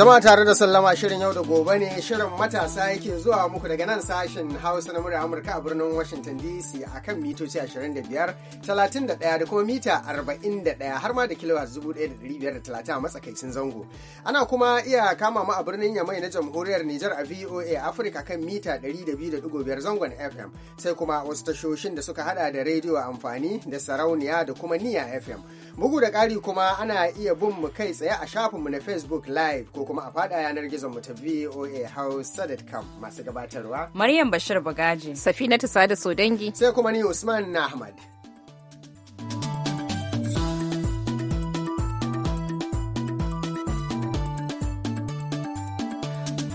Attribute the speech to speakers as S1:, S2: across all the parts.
S1: Zama tare da sallama shirin yau da gobe ne shirin matasa yake zuwa muku daga nan sashen Hausa na murya Amurka a birnin Washington DC a kan mitoci 25, 31 da kuma mita 41 har ma da kilowatts 1530 a matsakaicin zango. Ana kuma iya kama mu a birnin Yamai na Jamhuriyar Nijar a VOA Africa kan mita 102.5 zangon FM sai kuma wasu tashoshin da suka hada da rediyo amfani da sarauniya da kuma niya FM. Bugu da ƙari kuma ana iya bin mu kai tsaye a shafinmu na Facebook Live ko kuma a fada yanar gizon mu ta VOA Hausa.com masu gabatarwa.
S2: Maryam Bashir Bagaji. Safinatu Sada Sodangi. Sai kuma ni Usman Ahmad.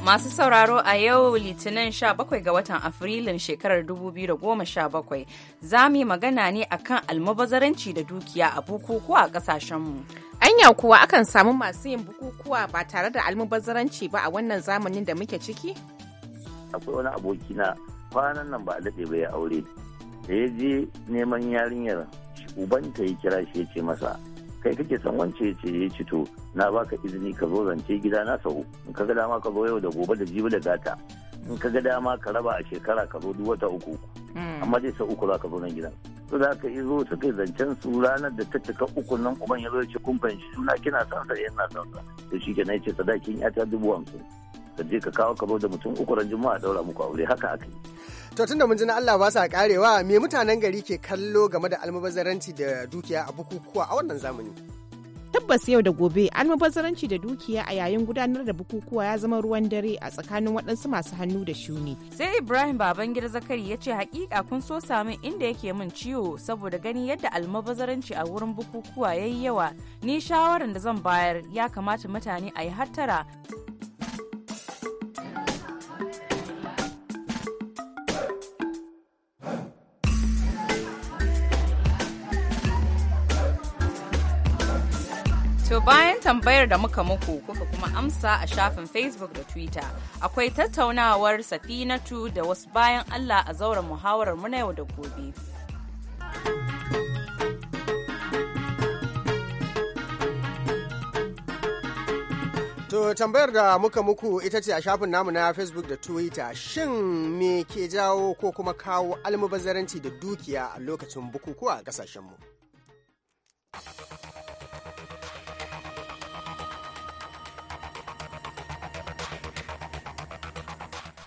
S2: Masu sauraro a yau Litinin 17 ga watan Afrilun shekarar 2017 za mu yi magana ne akan almabazaranci da dukiya a bukukuwa a ƙasashenmu.
S3: Anya kuwa akan samu masu yin bukukuwa ba tare da almabazaranci ba a wannan zamanin da muke ciki?
S4: Akwai wani abokina kwanan nan ba a daɗe ba ya aure da ya je neman yarinyar ubanta ya kira shi ya ce masa kai kake san wance ce ya ci to na baka izini ka zo zance gida na sau in ka ga dama ka zo yau da gobe da jibi da gata in ka ga dama ka raba a shekara ka zo duk wata uku hmm. amma dai sau uku za ka zo nan gidan to za ka zo kai zancen su ranar da ta cika uku nan uban ya zo ya ci kun fahimci suna kina san sa yana eh, san sa to shi kenan ya ce sadakin ya ta dubu hamsin ka je ka kawo ka zo da mutum uku ran a daura muku aure haka aka yi
S1: To tunda mun ji na Allah ba sa karewa me mutanen gari ke kallo game da almubazzaranci da dukiya a bukukuwa a wannan zamani?
S4: Tabbas
S3: yau da gobe almubazzaranci da dukiya a yayin gudanar da bukukuwa ya zama ruwan dare a tsakanin waɗansu masu hannu da shuni.
S2: Sai Ibrahim Babangida Zakari ya ce hakika kun so sami inda yake min ciwo saboda gani yadda almubazzaranci a wurin bukukuwa yayi yawa ni shawarar da zan bayar ya kamata mutane a yi hattara. bayan tambayar da muka muku kuka kuma amsa a shafin facebook da twitter akwai tattaunawar safinatu da wasu bayan allah a zauren muhawarar na yau da gobe
S1: To tambayar da muka muku ita ce a shafin namu na Facebook da Twitter shin me ke jawo ko kuma kawo almubazzaranci da dukiya a lokacin bukukuwa a kasashenmu?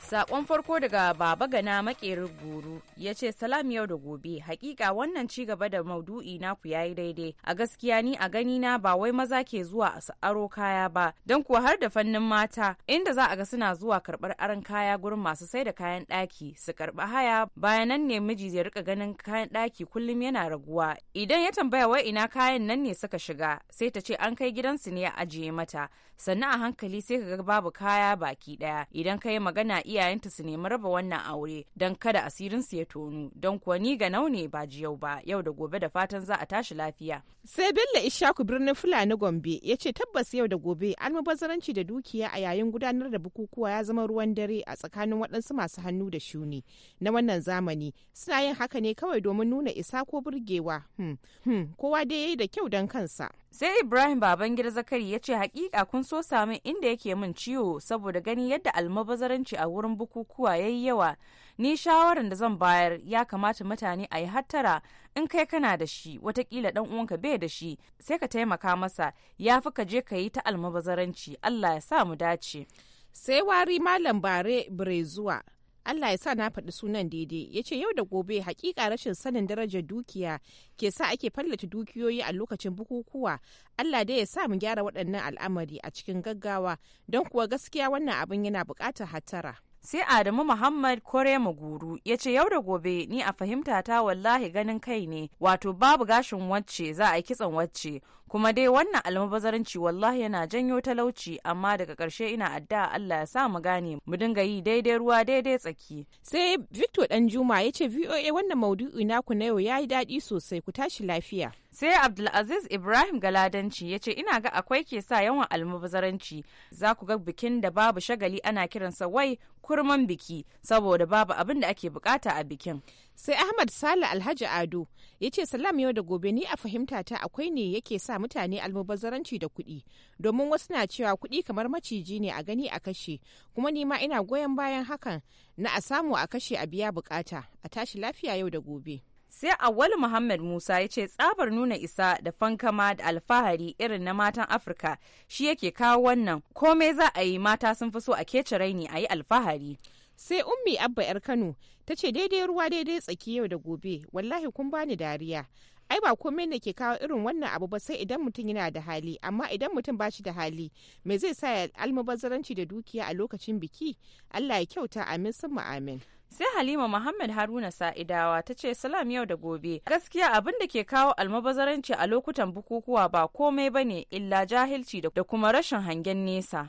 S5: Sakon
S2: farko daga Baba Gana makerin guru ya ce salam yau da gobe hakika wannan ci gaba da maudu'i na ku yayi daidai a gaskiya ni a gani na ba wai maza ke zuwa a aro kaya ba don kuwa har da fannin mata inda za a ga suna zuwa karbar aron kaya gurin masu sai da kayan ɗaki su karba haya bayan nan ne miji zai rika ganin kayan ɗaki kullum yana raguwa idan ya tambaya wai ina kayan nan ne suka shiga sai ta ce an kai gidansu ne ya ajiye mata sannan a hankali sai ka ga babu kaya baki ɗaya idan ka yi magana iya iyayenta su nemi raba wannan aure don kada asirin su ya tonu don kuwa ni ga ne ba jiyau ba yau da gobe da fatan za a tashi lafiya.
S3: Sai Bello Ishaku birnin Fulani Gombe ya ce tabbas yau da gobe bazaranci da dukiya a yayin gudanar da bukukuwa ya zama ruwan dare a tsakanin waɗansu masu hannu da shuni na wannan zamani suna yin haka ne kawai domin nuna isa ko
S2: burgewa hmm, hmm, kowa dai ya yi da kyau don kansa. sai ibrahim babangida zakari ya ce hakika kun so sami inda yake min ciwo saboda gani yadda almabazaranci a wurin wurin bukukuwa ya yi yawa ni shawarar da zan bayar ya kamata mutane a yi hattara in kai kana da shi watakila dan uwanka bai da shi sai ka taimaka masa ya fi ka je ka yi ta almabazaranci allah ya sa mu dace sai wari malam bare brezuwa
S3: Allah ya sa na faɗi sunan daidai ya ce yau da gobe hakika rashin sanin darajar dukiya ke sa ake fallata dukiyoyi a lokacin bukukuwa Allah dai ya sa mu gyara waɗannan
S2: al'amari a cikin gaggawa don kuwa gaskiya wannan abin yana buƙatar hattara. sai adamu muhammad kore maguru ya ce yau da gobe ni a fahimta ta wallahi ganin kai ne wato babu gashin wacce za a yi kitsan wacce kuma dai wannan almabazaranci wallahi yana janyo talauci amma daga ƙarshe ina addu'a Allah ya sa mu gane mu dinga yi daidai ruwa daidai tsaki sai Victor Danjuma ya ce VOA wannan maudu'i naku na yau yayi daɗi sosai ku tashi lafiya sai abdulaziz ibrahim galadanci yace ina ga akwai ke sa yawan almabazaranci za ku ga bikin da babu shagali ana kiransa wai kurman biki saboda babu abin da ake bukata a bikin sai ahmad sale alhaji ado ya
S3: ce salam yau da gobe ni a fahimta ta akwai ne yake sa mutane almubazzaranci da kuɗi domin wasu na cewa kuɗi kamar maciji ne a gani a kashe kuma ni ma ina goyon bayan hakan
S2: na a samu a kashe a biya bukata a tashi lafiya yau da gobe sai awal muhammad musa ya ce tsabar nuna isa da fankama da alfahari irin na matan afirka shi yake kawo wannan komai za a yi mata sun fi so a kece raini a yi alfahari sai ummi abba yar kano ta ce daidai ruwa daidai tsaki yau da gobe wallahi kun bani dariya
S3: ai ba komai ne ke kawo irin wannan abu ba sai idan mutum yana da hali amma idan mutum ba shi da hali me zai sa ya almubazzaranci da dukiya a lokacin biki allah ya kyauta amin sun amin
S2: sai halima muhammad haruna sa'idawa ta ce salam yau da gobe gaskiya abin da ke kawo almabazaranci a lokutan bukukuwa ba komai bane illa jahilci da kuma rashin hangen nesa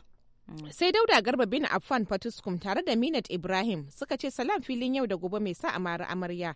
S2: Sai Dauda Garba bin Affan Fatuskum tare da Minat Ibrahim
S3: suka ce salam filin yau da gobe mai sa amara amarya.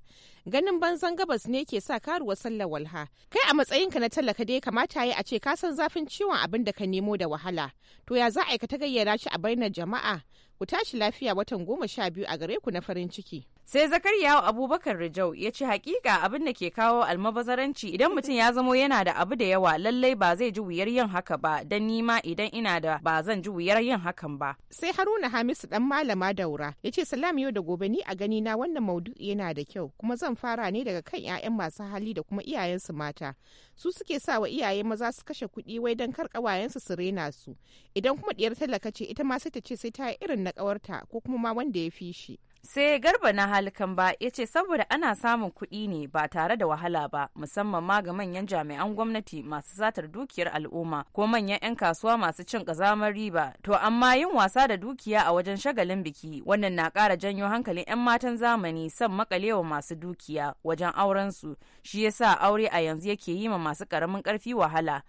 S3: Ganin banzan gabas ne ke sa karuwa sallar walha. Kai a matsayinka na tallaka dai kamata ya a ce ka san zafin ciwon abin da ka nemo da wahala. To ya za a ta gayyana shi a bainar jama'a? Ku tashi lafiya watan goma sha
S2: biyu a gare ku na farin ciki. sai zakariya abubakar rijau ya ce hakika abin da ke kawo almabazaranci idan mutum ya zamo yana da abu da yawa lallai ba zai ji wuyar yin haka ba don nima idan ina da ba zan ji wuyar yin hakan ba
S3: sai haruna hamisu dan malama daura ya ce salam yau da gobe ni a gani na wannan maudu'i yana da kyau kuma zan fara ne daga kan 'ya'yan masu hali da kuma iyayensu mata su suke sa wa iyaye maza su kashe kuɗi wai don kar ƙawayensu su rena su idan kuma ɗiyar talaka ce ita ma sai ta ce sai ta yi irin na ƙawarta ko kuma ma wanda ya fi shi
S2: sai garba na halikan ba ya ce saboda ana samun kuɗi ne ba tare da wahala ba musamman ma ga manyan jami'an gwamnati masu satar dukiyar al'umma ko manyan 'yan kasuwa masu cin ƙazamar riba to amma yin wasa da dukiya a wajen shagalin biki wannan na ƙara janyo hankalin 'yan matan zamani son makalewa masu dukiya wajen auren su shi yasa aure a yanzu yake yi ma masu ƙaramin ƙarfi wahala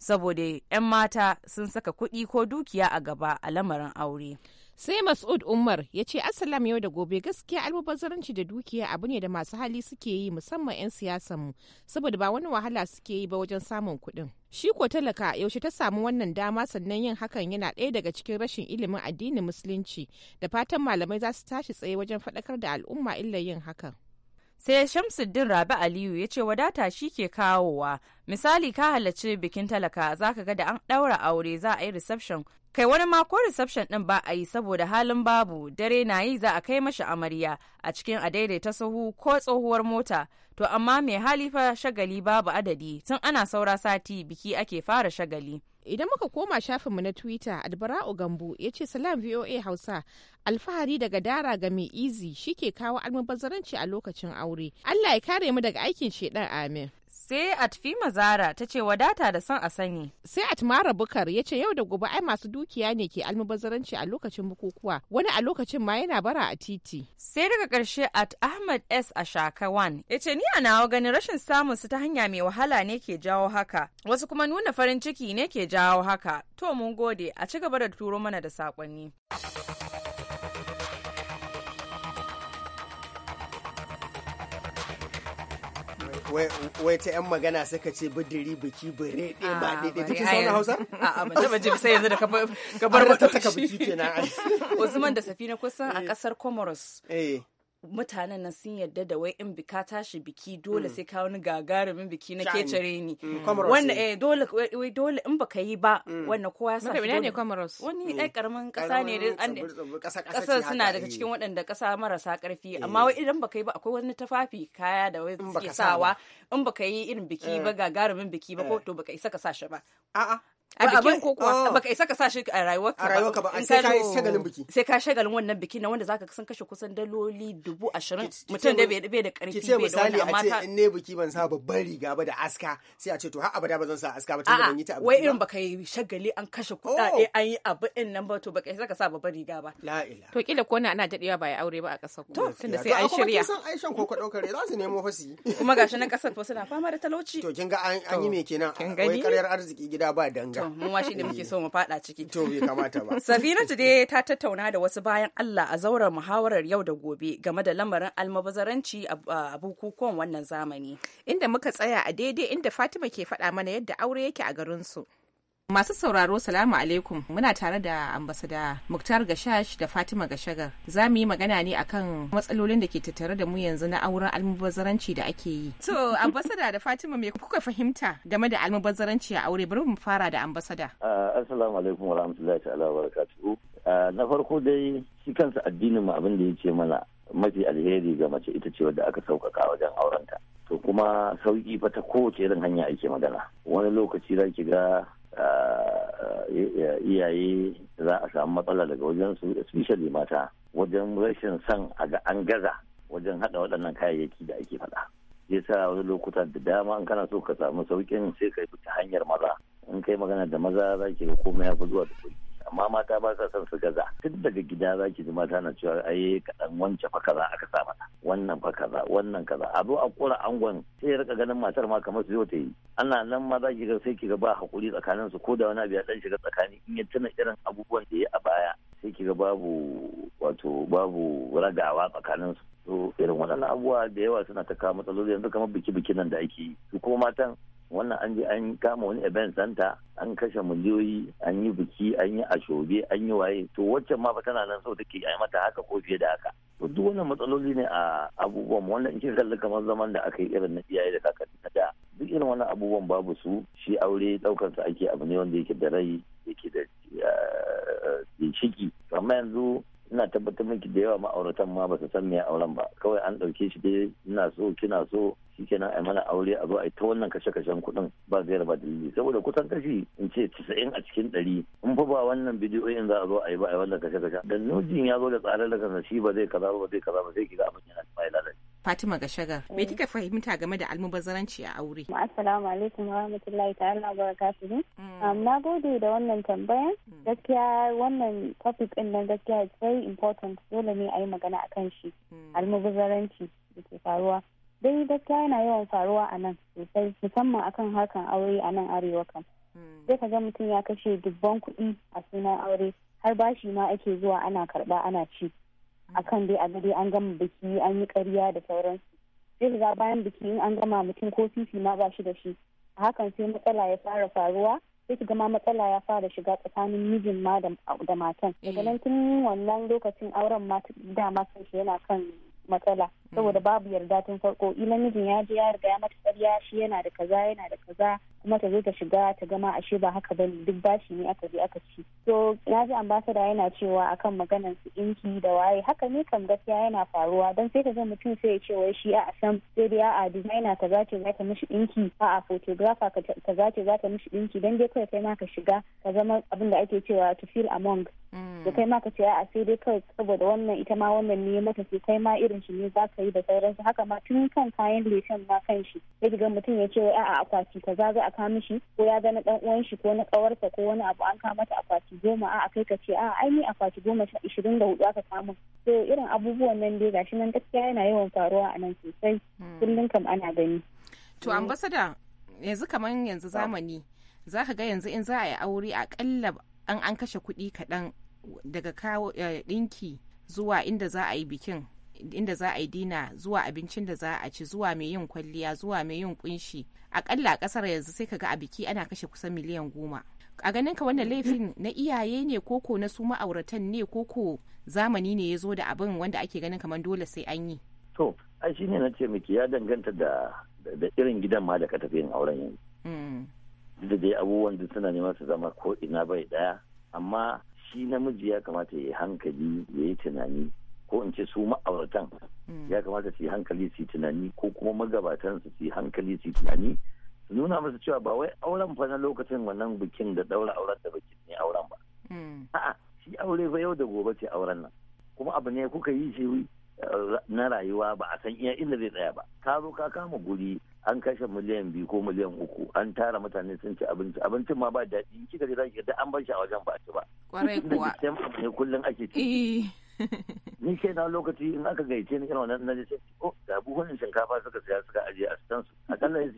S2: saboda 'yan mata sun saka kuɗi ko dukiya a gaba a lamarin aure. sai mas'ud umar ya ce asalam
S3: yau da gobe gaskiya almubazzaranci da dukiya abu ne da masu hali suke yi musamman 'yan siyasanmu saboda ba wani wahala suke yi ba wajen samun kuɗin shi ko talaka yaushe ta samu wannan dama sannan yin hakan yana ɗaya daga cikin rashin ilimin addinin musulunci da fatan malamai za su tashi tsaye wajen faɗakar da al'umma illa yin
S2: hakan sai shamsuddin rabi aliyu ya ce wadata shi ke kawowa misali ka halarci bikin talaka za ka ga da an ɗaura aure za a yi reception kai wani mako reception din ba a yi saboda halin babu dare na yi za a kai mashi amarya a cikin adaidaita daidaita sahu ko tsohuwar mota to amma mai hali fa shagali babu adadi tun ana saura sati biki ake fara shagali idan muka koma
S3: shafinmu na twitter albara'u gambo ya ce salam voa hausa alfahari daga dara ga mai izi shike kawo almubazzaranci a lokacin aure allah ya kare mu daga aikin shedan amin sai atfima zara ta ce wadata da son a sani sai atmara bukar ya ce yau da gobe ai masu dukiya ne ke almubazaranci a lokacin bukukuwa wani a lokacin ma yana bara a
S2: titi sai daga karshe at ahmad s a shaka wan ya ce ni a nawa ganin rashin samun su ta hanya mai wahala ne ke jawo haka wasu kuma nuna farin ciki ne ke jawo haka to mun gode a ci gaba da turo mana da saƙonni.
S1: wai ta yan magana suka ce bidiri biki bare ɗe ba ɗe ɗe take sauran hausa a'a ban
S2: taba ji sai yanzu da ka bar wata taka biki kenan Usman da Safina kusan a kasar eh. Comoros eh. mutanen nan sun yarda da wai in bika tashi biki dole mm. sai ka wani gagarumin biki na kecere ni mm, wanda eh dole wai dole in baka yi ba mm. wannan kowa ya sa ne Comoros wani dai karamin ƙasa ne kasa suna daga eh. cikin waɗanda kasa marasa ƙarfi eh. amma wai idan baka yi ba akwai wani tafafi kaya da wai suke sawa in baka yi irin biki ba eh. gagarumin biki ba ko to baka isa ka sa shi ba a'a
S4: a bikin ko kuwa
S2: oh. baka isa ka sa shi a rayuwarka a ba sai ka shagalin biki sai ka shagalin wannan biki na wanda zaka san kashe kusan daloli dubu ashirin mutum da bai da karfi bai da wani amma ce in
S1: ne biki ban sa babban riga ba da aska sai a ce to har abada ba zan sa aska ba tun ban yi ta abu wai irin baka yi shagali an
S2: kashe kuɗaɗe oh. an yi abu in nan ba to baka isa ka sa babban riga ba la ila to kila ko na ana dadewa ba ya aure ba a kasar. Tun tunda sai an shirya to
S1: ai shan koko daukar za su nemo fasi kuma gashi na kasar fa suna
S2: fama da talauci to kin ga an yi me kenan wai karyar arziki gida ba danga mun mu ma shine muke so mu fada ciki to bai kamata ba today ta tattauna da wasu bayan Allah a zauren muhawarar yau da gobe game da lamarin almabazaranci a bukukuwan wannan zamani inda muka tsaya a daidai inda Fatima ke faɗa mana yadda aure yake a garin su
S3: Masu sauraro salamu alaikum muna tare da ambasada Muktar Gashash da Fatima Gashagar. Za mu yi magana ne akan matsalolin da ke tattare da mu yanzu na auren almubazzaranci da ake yi. To ambasada da Fatima me kuka fahimta game da almubazzaranci a aure bari mu fara da ambasada.
S4: Ah, assalamu alaikum wa rahmatullahi ta'ala wa barakatuhu. Ah, na farko dai shi kansa addinin mu abin da ya ce mana mafi alheri ga mace ita ce wadda aka sauƙaƙa wajen aurenta. To kuma sauƙi fa ta kowace irin hanya ake magana. Wani lokaci za ki ga iyaye za a samu matsala daga wajensu especially mata wajen rashin son a ga an gaza wajen haɗa waɗannan kayayyaki da ake faɗa zai sa wani lokuta da dama in kana so ka samu sauƙin sai ka yi ta hanyar maza in kai magana da maza za ke ga komai ya fi zuwa da kuɗi amma mata ba sa son su gaza tun daga gida za ki ji mata na cewa ai kaɗan wance fa kaza aka sa mata wannan fa kaza wannan kaza a zo a kora angon sai ya rika ganin matar ma kamar su zo ta yi ana nan ma za ki ga sai ki ga ba hakuri tsakanin su ko da wani abu ya dan shiga tsakani in ya tuna irin abubuwan da ya a baya sai ki ga babu wato babu ragawa tsakanin su irin waɗannan abubuwa da yawa suna ta kawo matsaloli yanzu kamar biki-bikin nan da ake yi su kuma matan wannan an je an kama wani event santa an kashe miliyoyi an yi biki an yi ashobe an yi waye to waccan ma fa tana nan sau take ai mata haka ko fiye da haka to duk wannan matsaloli ne a abubuwan wannan in kika kalli kamar zaman da aka yi irin na iyaye da kakanni na da duk irin wannan abubuwan babu su shi aure daukar su ake abu ne wanda yake da rai yake da ciki eh, amma yanzu ina tabbatar miki da yawa ma'auratan ma ba su san me auren ba kawai an ɗauke shi dai ina so kina so nan a mana aure a zo a yi ta wannan kashe-kashen kuɗin ba zai ba dalili saboda kusan kashi in ce casa'in a cikin ɗari in fa ba wannan bidiyo in za a zo a yi ba a yi wannan kashe-kashe da nujin ya zo da tsare da kansa shi ba zai kaza ba zai kaza ba zai kiga abin yana ba ya lalace
S3: Fatima Gashagar. Me kika fahimta game da almubazaranci
S5: a aure? Assalamu alaikum wa rahmatullahi ta'ala wa barakatuhu. Mm. Um, na gode da wannan tambaya. Mm. Gaskiya wannan topic din nan gaskiya it's very important dole ne a yi magana kan shi. Mm. almubazaranci da ke faruwa. Dai gaskiya yana yawan faruwa a nan sosai musamman akan harkan aure a nan arewa kan. Sai ka ga mutum ya kashe dubban kuɗi a sunan aure har bashi ma ake zuwa ana karɓa ana ci. akan dai a gari an gama biki an yi ƙarya da sauransu sai ga bayan biki in an gama mutum ko fifi ma ba shi da shi a hakan sai matsala ya fara faruwa sai ki gama matsala ya fara shiga tsakanin mijin ma da matan daga nan tun wannan lokacin auren ma dama sun shi yana kan matsala saboda babu yarda tun farko ila mijin ya je ya riga ya mata karya shi yana da kaza yana da kaza kuma ta zo ta shiga ta gama ashe ba haka bane duk bashi ne aka je aka ci to na ji ambasada yana cewa akan maganar su inki da waye haka ne kam gaskiya yana faruwa don sai ka ga mutum sai ya ce wai shi a san sai dai a designer ta zace za ta mishi dinki a a photographer ta zace za ta mishi dinki dan dai kawai kai ma ka shiga ka zama abin da ake cewa to feel among da kai ma ka ce a sai dai kawai saboda wannan ita ma wannan ne mata sai kai ma irin shi ne za ka yi da sauransu haka ma tun kan kayan leshen ma kan shi sai ga mutum ya ce wai a'a akwati kaza za taimaka mishi ko ya ga na dan uwan shi ko na kawarsa ko wani abu an kama ta akwati goma a kai ka ce a ai ni akwati goma ishirin da hudu aka samu to irin abubuwan nan dai gashi nan gaskiya yana yawan faruwa a nan sosai hmm. kullum kam ana gani to hmm.
S3: ambasada yanzu kaman yanzu zamani za ka ga yanzu in za a yi aure akalla an an kashe kuɗi kaɗan daga kawo eh, ɗinki zuwa inda za a yi bikin inda za a yi dina zuwa abincin da za a ci zuwa mai yin kwalliya zuwa mai yin kunshi akalla a kasar yanzu sai ka ga a biki ana kashe kusan miliyan goma a ganin ka wannan laifin na iyaye ne koko na su ma'auratan ne koko zamani ne ya zo da abin wanda ake ganin kamar dole sai an yi
S4: to ai shi ne na ce miki ya danganta da da irin gidan ma da ka tafi yin auren yanzu mm. da dai abubuwan duk suna neman su zama ko ina bai daya amma shi namiji ya kamata ya yi hankali ya yi tunani ko in ce su ma'auratan mm. ya kamata su yi hankali su yi tunani ko kuma magabatan su yi hankali su yi tunani su nuna masa cewa ba wai auren fa na lokacin wannan bikin da daura auren da bikin ne auren ba mm. a'a shi aure fa yau da gobe ce auren nan kuma abu ne kuka yi shi eh, na rayuwa ba a san iya inda zai tsaya ba ka zo ka kama guri an kashe miliyan biyu ko miliyan uku an tara mutane sun ci abinci abincin ma ba daɗi kika ga zaki an bar shi a wajen ba ci ba kwarai kuwa ne kullum ake ci eh. ni kena na lokaci in aka gaice ni irin wannan na sai ko oh, da buhunan shinkafa suka saya suka aje a stan su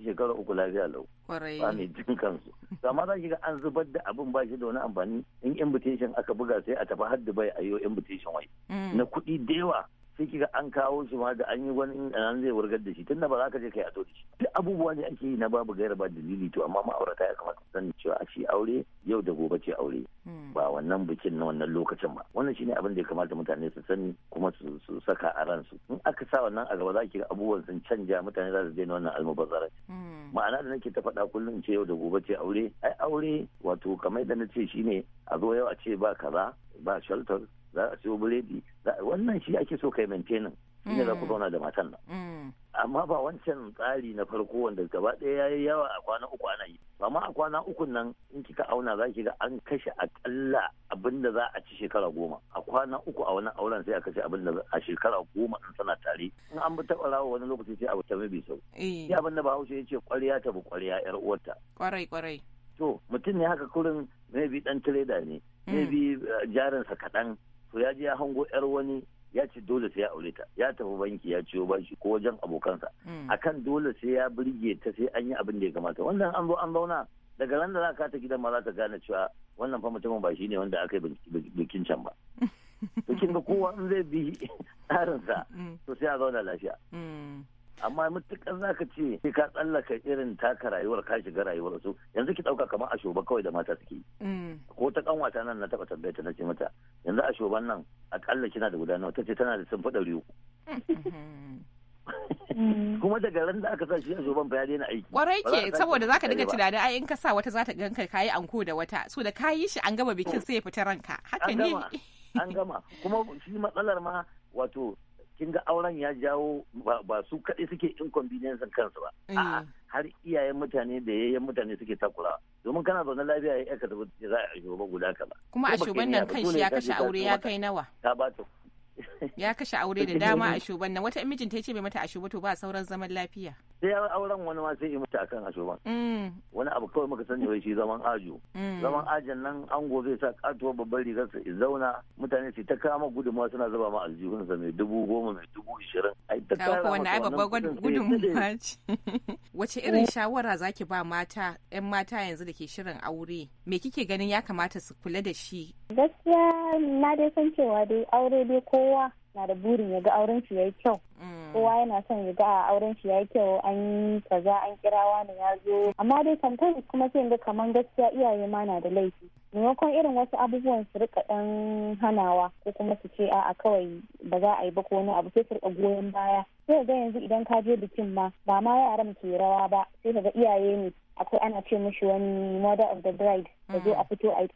S4: shekara uku lafiya lau
S3: ba mai
S4: jin kansu amma zaki ga an zubar da abin ba shi da wani amfani in invitation aka buga sai a tafi har Dubai a yo invitation wai mm. na kuɗi da yawa sai kiga an kawo shi ma da an yi wani nan zai wargar da shi tun ba za ka je kai a da shi duk abubuwa ne ake yi na babu gaira ba dalili to amma ma'aurata ya kamata sani cewa a shi aure yau da gobe ce aure hmm. ba wannan bikin na wannan lokacin ba wannan shine abin da ya kamata mutane su sani kuma su saka a ransu in aka sa wannan a gaba za ki ga abubuwan sun canja mutane za su na wannan almubazzara. Hmm. ma'ana da nake ta faɗa kullum ce yau da gobe ce aure ai aure wato kamar da na ce shine a zo yau a ce ba kaza ba shelter za a siyo biredi wannan shi ake so kai maintainin shi ne za ku mm. zauna da matan nan mm. amma ba wancan tsari na farko wanda gaba ɗaya ya yi yawa a kwana uku ana yi ba ma a kwana uku nan in kika auna za ki ga an kashe akalla abin da za a ci shekara goma a kwana uku a wani auren sai a kashe abin da a shekara goma in sana tare in an bi taɓa rawa wani lokaci sai a wuce mai sau ya eh. abin da haushe ya ce ƙwarya ta bi ƙwarya yar uwarta
S3: ƙwarai ƙwarai
S4: to mutum ne haka kurin maybe dan tireda ne mm. maybe eh, jarinsa kaɗan to ya je ya hango yar wani ya ce dole sai ya aure ta ya tafi banki ya ciyo bashi ko wajen abokansa hmm. akan dole sai ya birge ta sai an yi abin da ya kamata wannan an zo an zauna daga nan da za ka ta gidan ma za ta gane cewa wannan fa mutumin ba shi ne wanda aka yi bikin can ba to kin ga kowa in zai bi tsarinsa hmm. to sai a zauna lafiya hmm. amma za zaka ce sai ka tsallaka irin taka rayuwar ka shiga rayuwar su yanzu ki dauka kamar a shoba kawai da mata suke mm. ko ta wata nan na taba tambayar ta nace mata yanzu a shoban nan akalla kina da guda nawa tace tana da sun fada riyo mm-hmm. kuma daga ran da aka sa shi a shoban fa ya daina aiki kwarai ke saboda zaka dinga tunanin
S3: ai in ka sa wata zata ganka yi anko da wata so da kayi shi an gama bikin sai ya fita ranka haka ne
S4: an gama kuma shi matsalar ma wato kin ga auren ya jawo ba su kaɗai suke inconvenience kansu ba eh. a'a har iyayen mutane da yayyen mutane suke takura domin kana zaune lafiya ya ka tabbata za a shugaban guda ka ba kuma a shugaban nan kan shi ya kashe aure ya kai nawa ta ba ta
S3: ya kashe aure da dama a shuban nan wata mijin ta ce bai mata a shuba to ba sauran zaman lafiya
S4: sai auren wani ma sai ya mata akan a shuban mm. wani abu kawai muka sani wai shi zaman ajo mm. zaman ajin nan ango zai sa katuwa babban rigar sa zauna mutane su ta kama gudunmawa suna zuba ma aljihun sa mai dubu goma mai dubu ishirin ai ta wannan ai babban gudunmawa
S5: ce
S3: wace irin eh. shawara zaki ba mata yan mata yanzu da ke shirin aure me kike ganin ya kamata su kula da shi
S5: gaskiya na dai san cewa dai aure dai kowa na da burin ya ga auren shi yayi kyau mm. kowa yana son ya ga a auren shi yayi kyau an kaza an kirawa wani ya zo amma dai sometimes kuma sai ga kaman gaskiya iyaye ma na da laifi maimakon irin wasu abubuwan su rika dan hanawa ko kuma su ce a'a kawai ba za a yi ba ko wani abu sai su rika goyon baya sai ga yanzu idan ka je bikin ma ba ma yaran ke rawa ba sai ka ga iyaye ne akwai ana ce mishi wani mother of the bride da zo a mm. fito a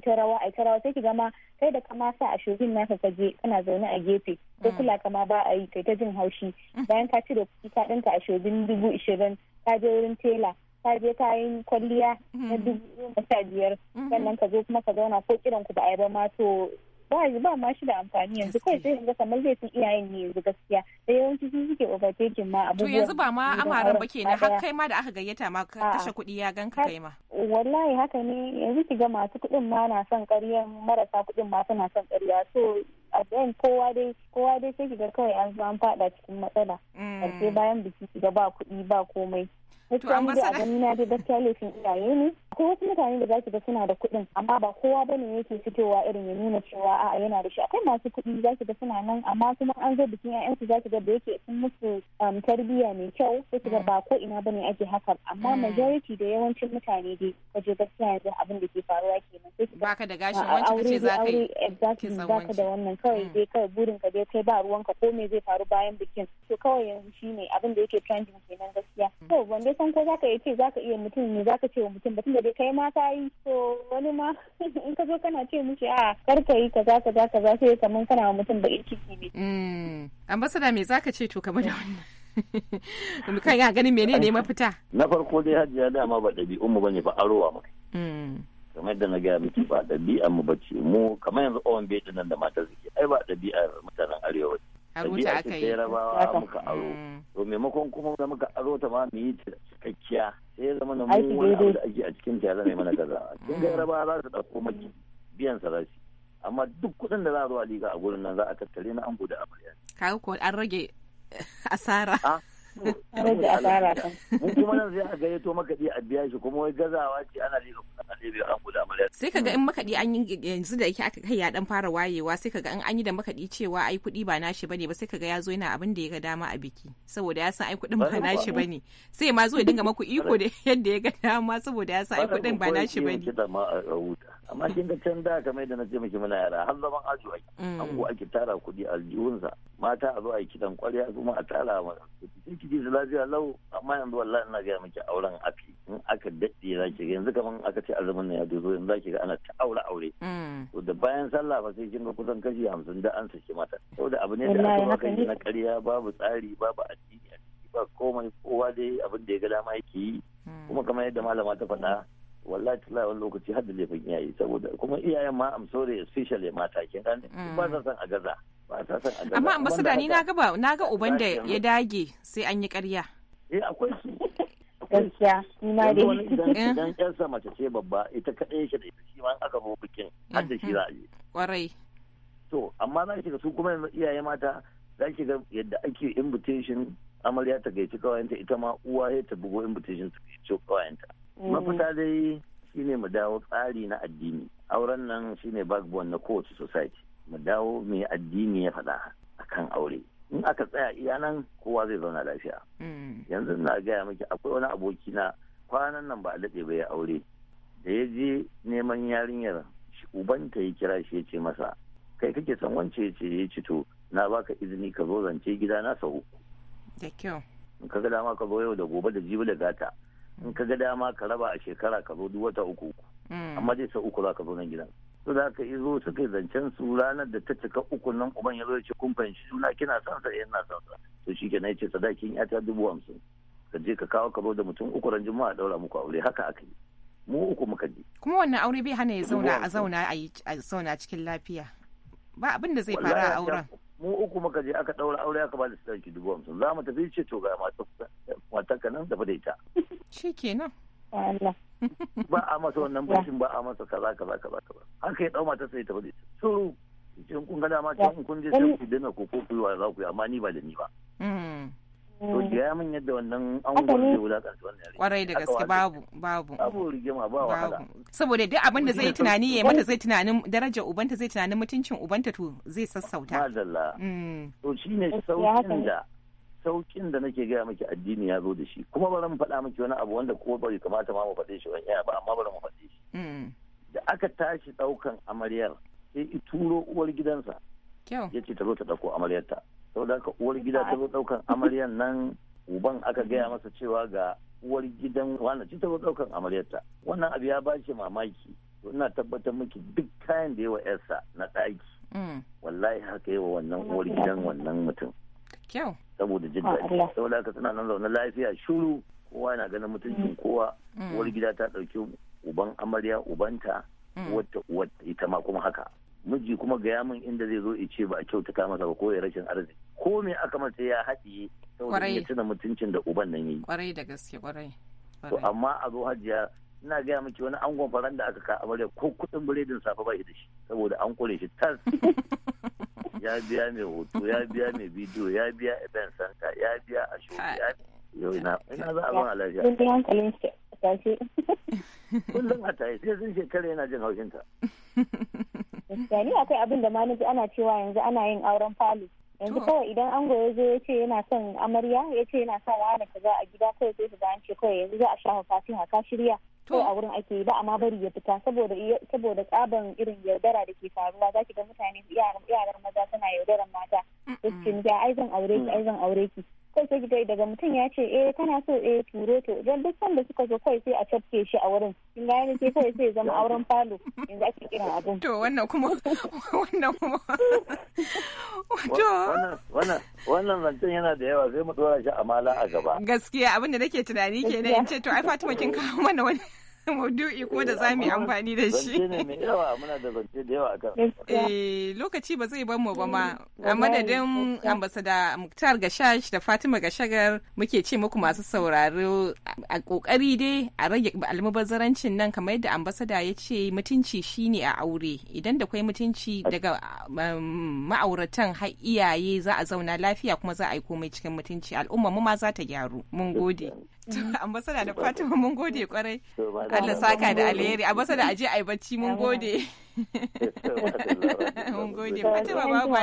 S5: tarawa da rawa sai ki gama kai da kama sa a shogin naka ka je kana zaune a gefe ko mm. kula kama ba a yi kai ta jin haushi mm. bayan ka cire kuɗi ka ɗinka a shogin dubu ishirin ka je wurin tela ka je kayan kwalliya na dubu goma sha biyar mm-hmm. sannan ka zo kuma ka zauna ko kiran ku ba a yi ba ma to ba ba ma shi da amfani yanzu kawai sai yanzu kamar zai fi iyayen ne yanzu gaskiya da yawanci su suke overtaking ma abubuwan to yanzu ba ma amaran ba kenan har kai ma da
S3: aka gayyata ma kashe kuɗi ya ganka kai ma
S5: wallahi haka ne yanzu ki ga masu kuɗin ma na son ƙarya marasa kuɗin ma suna son ƙarya so a bayan kowa dai kowa dai sai ki ga kawai an an faɗa cikin matsala ƙarshe mm. bayan biki ki ga ba kuɗi ba komai. To an basa da. Gaskiya laifin iyaye ne. ko wasu mutane da zaki ga suna da kuɗin amma ba kowa ba ne yake fitowa irin ya nuna cewa a'a yana da shi akwai masu kuɗi za su ga suna nan amma kuma an zo bikin su za su ga da yake sun musu um, tarbiyya mai kyau sai ga ba ko ina bane ake haka amma mm. majority da yawancin mutane dai waje gaskiya yanzu abin da ke faruwa kenan sai ki
S3: baka da gashin wancan ce za ka yi
S5: exactly baka da wannan kawai mm. dai kawai burin ka dai kai ba ruwanka ko me zai faru bayan bikin to kawai yanzu shine abin da yake trending kenan gaskiya mm. to wanda san ko zaka yi ce zaka iya mutum ne zaka ce wa mutum ba da da kai ma ka yi so wani ma in ka zo kana ce mishi a kar ka yi kaza kaza kaza sai kamar kana wa mutum baƙin ciki ne. Mm.
S3: ambasada me zaka ce to kamar da wannan kan ya ganin menene mafita
S4: na farko dai hajiya dama ba ɗabi'un mu bane ba arowa ma. Mm. kamar yadda na gaya miki ba ɗabi'a mu bace mu kamar yanzu owan bai nan da matar zike ai ba ɗabi'ar mutanen arewa haruta aka yi rabawa muka aro to maimakon kuma da muka aro ta ma mu yi cikakkiya sai ya zama na mu wani abu da ake a cikin ta zama mana kaza kin ga rabawa za ta dauko maki biyan sa rashi amma duk kuɗin da za a zo a liga a gurin nan za a tattare na an bude amarya
S3: kaga ko an rage asara ah, Mun
S4: sai a gayyato makaɗi a biya shi kuma wai gazawa ce ana kaga in
S3: makaɗi an yi yanzu da yake aka kai ya dan fara wayewa sai kaga in an yi da makaɗi cewa ai kuɗi ba nashi bane ba sai kaga ya zo yana abin da ya ga dama a biki saboda ya san ai kuɗin ba nashi bane sai ma zo ya dinga maku iko da yadda ya ga dama saboda ya san ai kuɗin ba nashi bane.
S4: amma kin ga can da kamar yadda na ce miki muna yara har zaman ajo mm. an go ake tara kuɗi a mata a zo a yi kidan kwarya kuma a tara ma sai ki ji lafiya lau amma yanzu wallahi ina ga miki auren afi in aka daɗe za ki ga yanzu kamar aka ce azumin nan ya dozo yanzu za ki ga ana ta aure aure mm. to da bayan sallah ba sai kin ga kusan kashi hamsin da an saki mata saboda abu ne da aka kai na ƙarya babu tsari babu addini ba komai kowa dai abin da ya ga dama yake yi mm. kuma kamar yadda malama ta faɗa wallahi tala wani lokaci hadda da ya iyaye saboda kuma iyayen ma am sorry especially mata kin gane mm. ba sa son a gaza ba sa son a gaza amma amma ni na
S3: ga ba na ga uban da ya dage sai an yi ƙarya eh akwai su
S4: gaskiya ni ma dai idan yan eh. sa mace ce babba ita kadai shi da shi ma aka zo bikin hadda shi mm-hmm. za a yi kwarai to amma za ki ga su kuma iyaye mata za ki ga yadda ake invitation amarya ta gaici kawayenta ita ma uwa ta bugo invitation ta gaici kawayenta Mm. mafita dai shine mu dawo tsari na addini auren nan shine backbone na kowace society mu dawo mai addini ya faɗa akan aure in aka tsaya iya nan kowa zai zauna lafiya mm. yanzu na gaya miki akwai wani aboki na kwanan nan ba a daɗe ba ya aure da ya je neman yarinyar ubanta ya kira shi ya ce masa kai kake san wance ya ce ya ce to na baka izini ka zo zance gida na sau da kyau in ka ga dama ka zo yau da gobe da jibi da gata in ka ga dama ka raba a shekara ka zo duk wata uku uku hmm. amma dai sau uku za ka zo nan gidan su da ka izo su kai zancen su ranar da ta cika uku nan uban ya zo ya ce kun fahimci juna kina son sa yana eh, son sa to shi ke na ce sadakin ya ta dubu hamsin ka je ka kawo ka zo da mutum uku ran juma'a daura muku aure haka aka yi mu uku muka je
S3: kuma wannan aure bai hana ya zauna a zauna a zauna cikin lafiya ba abinda zai fara a auren
S4: mu uku muka je aka daura aure aka bada sadaki dubu hamsin za mu tafi ce to ga matanka nan da fadaita. shi kenan ba a masa wannan bashin ba a masa kaza kaza kaza kaza haka ya dau mata sai ta fadi So in kun ga dama can kun je sai ku dena ko ko ku yi wa za ku yi amma ni ba da ni ba hmm. to mm. ya min yadda wannan an gurbe wulakanta wannan kwarai da gaske babu babu babu rigima ba wahala
S3: saboda duk abin da zai tunani ya mata zai tunanin darajar ubanta zai tunanin mutuncin ubanta to zai sassauta madalla mm. to shine
S5: saukin da
S4: saukin da nake gaya miki addini ya zo da shi kuma bari mu faɗa miki wani abu wanda ko bai kamata ma mu faɗe shi wani ba amma bari mu faɗe shi mm. da aka tashi ɗaukan amaryar sai i turo uwar gidansa ya ce ta zo ta ɗauko amaryarta saboda haka uwar gida ta zo daukan amaryan nan uban aka gaya masa cewa ga uwar gidan wani ci ta zo daukan amaryarta wannan abu ya bashi mamaki to ina tabbatar miki duk kayan da yawa yarsa na ɗaki mm. wallahi haka yawa wannan uwar gidan wannan mutum kyau saboda jin ah, daɗi saboda haka suna nan zaune lafiya shuru kowa yana ganin mutuncin mm. kowa mm. uwar gida ta ɗauki uban amarya ubanta wata ita ma kuma haka miji kuma gaya min inda zai zo ice ba a kyautata masa ba ko ya rashin arziki ko me aka masa ya haɗiye saboda ya tuna mutuncin da uban nan yi
S3: kwarai da gaske kwarai to
S4: amma a zo hajiya ina gaya miki wani angon faran da aka ka amarya ko kuɗin biredin safa ba shi da shi saboda an kore shi tas ya biya mai hoto ya biya mai bidiyo ya biya event sanka ya biya a ya yau ina ina za a zama lafiya kullum a tayi sai sun shekara yana jin haushinta
S5: yani akwai abin da ma ana cewa yanzu ana yin auren falo yanzu kawai idan an ya zo ya ce yana son amarya ya ce yana son wani za a gida kawai sai su an kawai yanzu za a sha fatiha ka shirya kawai a wurin ake ba amma bari ya fita saboda saboda tsaban irin yaudara da ke faruwa zaki ga mutane yaran maza suna yaudaran mata su ce ai zan aure ki ai zan aure ki ko sai ki daga mutum ya ce eh kana so eh turo to don duk sanda suka zo kawai sai a cafke shi a wurin in ga yana sai kawai sai zama auren falo yanzu ake kiran abin
S3: to wannan kuma wannan kuma
S4: to wannan wannan zancen yana da yawa zai mu dora shi a mala a gaba
S3: gaskiya abin da nake tunani kenan in ce to ai Fatima kin kawo mana wani maudu'i ko da eh, za mu yi amfani da shi. Eh, lokaci ba zai ban mu ba ma mm, a madadin ambasada Muktar Gashash da Fatima Gashagar muke ce muku masu sauraro a kokari dai a rage almabazarancin nan kamar yadda ambasada ya ce mutunci shine a aure idan da kwai mutunci daga um, ma'auratan har iyaye za a zauna lafiya kuma za a yi komai cikin mutunci al'umma mu ma za ta gyaru mun gode. Mm. ambasada da fatima mun gode kwarai
S5: allah saka da alheri ambasada aje ai
S3: bacci mun gode mun gode fatima ba ba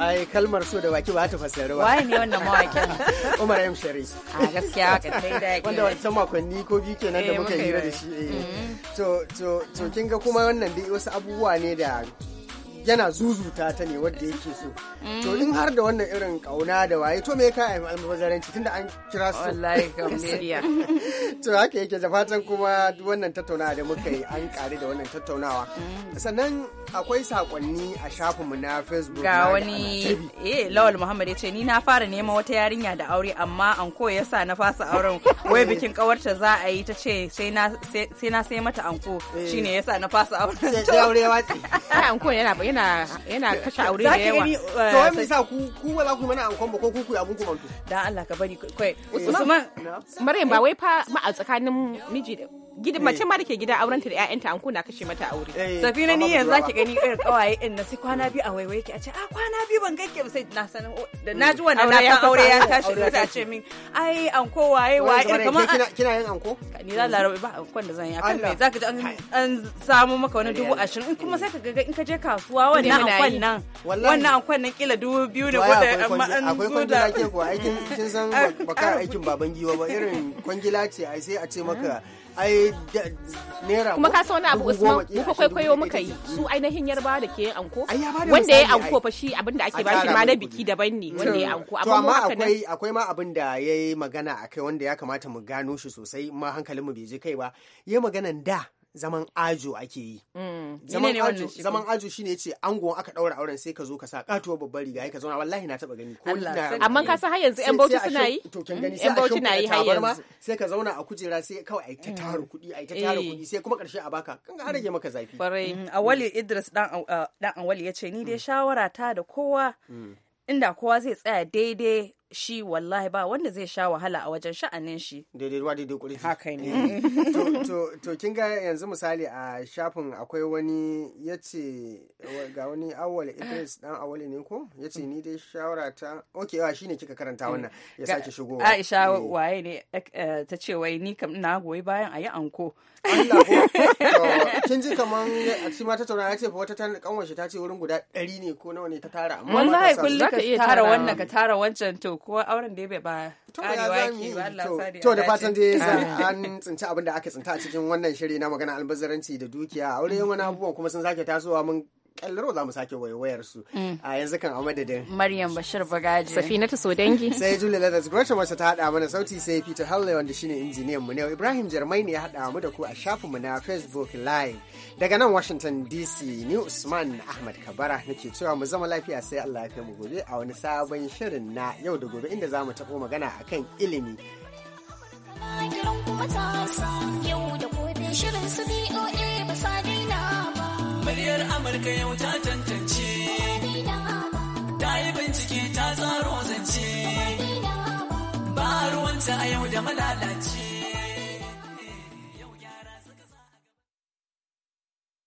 S3: ai
S1: kalmar so da baki ba ta fasari ba waye ne wannan mawaki Umar M Shari. a gaskiya ka tai da yake wanda wancan makonni ko biyu kenan da eh, muka yi da shi eh. mm-hmm. to to to kinga kuma wannan dai wasu abubuwa ne da yana zuzuta ta ne wadda yake so to in har da wannan irin kauna da waye to me ka ayi almubazzaranci tunda an kira su wallahi kamediya to haka yake da fatan kuma wannan tattaunawa da muka yi an kare da wannan
S2: tattaunawa sannan akwai sakonni a shafinmu na facebook ga wani eh lawal muhammad yace ni na fara neman wata yarinya da aure amma anko yasa na fasa auren wai bikin kawarta za a yi ta ce sai na sai mata anko eh. shine yasa na fasa auren to aure
S3: ya watsi anko yana yana
S2: yana kashe aure da yawa eh, to wai me
S1: sa ku ku wala ku mana an ba ko ku ku abun ku mantu dan Allah ka bari kai Usman Maryam ba wai
S3: fa ma a tsakanin miji da gidan mace ma dake gida auren ta da ƴaƴanta an kuna kashe mata aure
S1: safina ni yanzu zaki
S2: gani irin kawaye din na sai kwana biyu a waiwaye ki a ce a ah, kwana biyu ban ganke ba sai na sanin oh, da na ji wannan na san aure ya tashi sai a ce min ai anko waye waye irin kamar kina yin anko ni za larabe ba ankon da zan yi akan me zaka ji an samu maka wani dubu ashirin in kuma sai ka ga in ka je kasuwa wannan ankon nan wannan ankon nan kila dubu biyu ne ko
S1: da amma an zo da akwai kwangila ke ko aikin kin san baka aikin babangiwa ba irin kwangila ce ai sai a ce maka ai naira kuma ka wani abu usman muka
S3: kwaikwayo muka yi su ainihin yarba da ke anko wanda ya anko fa shi abin da ake bashi ma na biki daban ne wanda ya anko to amma akwai
S1: akwai ma abin da yayi magana akai wanda ya kamata mu gano shi sosai ma hankalin mu bai je kai ba yayi maganan da zaman ajo ake yi.
S5: Mm. Zaman
S1: ajo shi ne shine yace angon aka daura auren sai ka zo ka sa katuwa babbar riga ka zauna wallahi na taba gani amma ka san har yanzu yan bauchi suna yi to kin gani mm. sai bauchi na yi har yanzu sai ka zauna a kujera sai kawai ai ta tara mm. kuɗi ai ta tara kuɗi eh. sai kuma karshe a baka kin ga har rage maka zafi.
S2: Mm-hmm. A wali Idris dan dan ya yace ni dai shawara ta da kowa inda kowa zai tsaya daidai shi wallahi ba wanda zai sha wahala a wajen sha'anin shi daidai ruwa daidai kuri haka ne
S1: eh. to kin ga yanzu misali a shafin akwai wani ya ce ga wani awwal Idris dan awali ne ko ya ce ni dai shawara ta okay wa shine kika karanta mm. wannan ya sake shigo Aisha eh.
S2: waye ne eh, ta ce wai ni kam na goyi bayan ayi anko Allah ko kin ji kaman
S1: a cikin mata tauna ya ce wata ta kanwar shi ta ce wurin guda ɗari ne ko nawa ne ta tara amma wallahi kullum ka tara wannan ka
S2: tara wancan to kowa auren da ya bai ba karewa ke ba Allah sadi to da fatan dai
S1: an tsinci abin da aka tsinta a cikin wannan shiri na magana albazaranci da dukiya aure yin wani abubuwan kuma sun sake tasowa mun kallaro za mu sake waiwayar su mm. a yanzu kan a madadin
S2: Maryam Bashir Bagaji Safinatu Sodangi sai
S1: Julia Ladas Grosh wacce ta hada mana sauti sai Peter Halle wanda shine injiniyan mu ne Ibrahim Jarmai ne ya hada mu da ku a shafin mu na Facebook Live Daga nan Washington DC ni Usman Ahmad Kabara nake cewa mu zama lafiya sai Allah ya mu gobe a wani sabon shirin na yau da gobe inda za mu taɓo magana akan ilimi.
S2: Muryar Amurka yau ta tantance, ta yi bincike ta tsaro zance, ba ruwanta a yau da malalace.